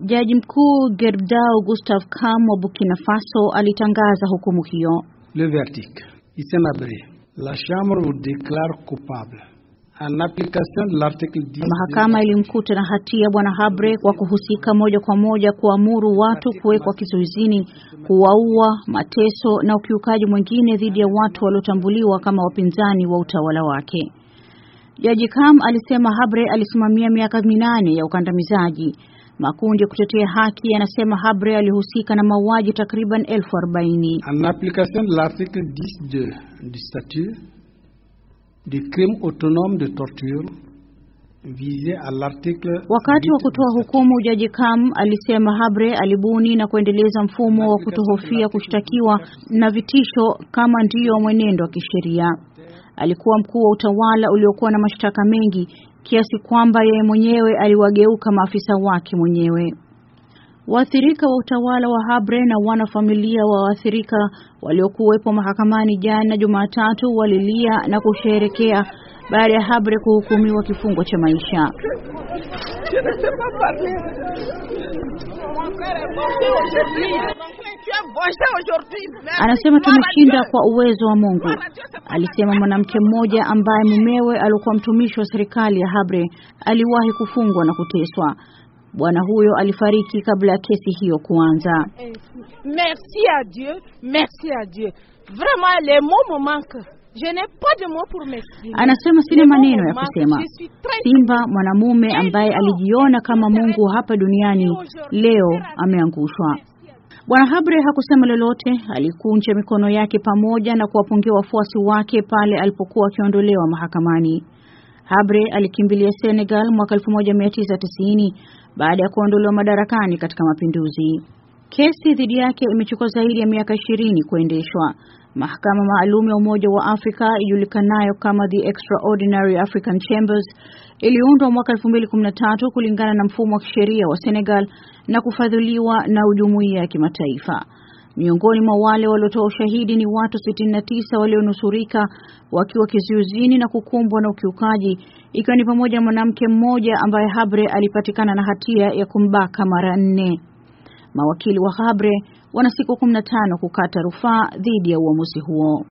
Jaji mkuu Gerdau Gustav Kam wa Burkina Faso alitangaza hukumu hiyo. Le verdict il s'est la chambre vous déclare coupable en application de l'article 10. Mahakama ilimkuta na hatia bwana Habre kwa kuhusika moja kwa moja kuamuru watu kuwekwa kizuizini, kuwaua, mateso na ukiukaji mwingine dhidi ya watu waliotambuliwa kama wapinzani wa utawala wake. Jaji Kam alisema Habre alisimamia miaka minane ya ukandamizaji. Makundi ya kutetea haki yanasema Habre alihusika na mauaji takriban elfu arobaini. En application de l'article 10 du statut du crime autonome de torture Wakati wa kutoa hukumu Jaji Kam alisema Habre alibuni na kuendeleza mfumo wa kutohofia kushtakiwa na vitisho kama ndiyo mwenendo wa kisheria alikuwa mkuu wa utawala uliokuwa na mashtaka mengi kiasi kwamba yeye mwenyewe aliwageuka maafisa wake mwenyewe. Waathirika wa utawala wa Habre na wanafamilia wa waathirika waliokuwepo mahakamani jana Jumatatu walilia na kusherekea baada ya Habre kuhukumiwa kifungo cha maisha. Anasema tumeshinda kwa uwezo wa Mungu, alisema mwanamke mmoja ambaye mumewe alikuwa mtumishi wa serikali ya Habre aliwahi kufungwa na kuteswa. Bwana huyo alifariki kabla ya kesi hiyo kuanza. Eh, merci Dieu, merci Dieu. Vraiment les mots me manquent. Anasema sina maneno ya kusema. Simba mwanamume ambaye alijiona kama Mungu hapa duniani leo ameangushwa. Bwana Habre hakusema lolote, alikunja mikono yake pamoja na kuwapongea wafuasi wake pale alipokuwa akiondolewa mahakamani. Habre alikimbilia Senegal mwaka 1990 baada ya kuondolewa madarakani katika mapinduzi. Kesi dhidi yake imechukua zaidi ya miaka ishirini kuendeshwa. Mahakama maalum ya Umoja wa Afrika ijulikanayo kama the Extraordinary African Chambers iliundwa mwaka 2013 kulingana na mfumo wa kisheria wa Senegal na kufadhiliwa na ujumuiya ya kimataifa. Miongoni mwa wale waliotoa ushahidi ni watu 69 walionusurika wakiwa kizuizini na kukumbwa na ukiukaji, ikiwa ni pamoja na mwanamke mmoja ambaye Habre alipatikana na hatia ya kumbaka mara nne. Mawakili wa Ghabre wana siku 15 kukata rufaa dhidi ya uamuzi huo.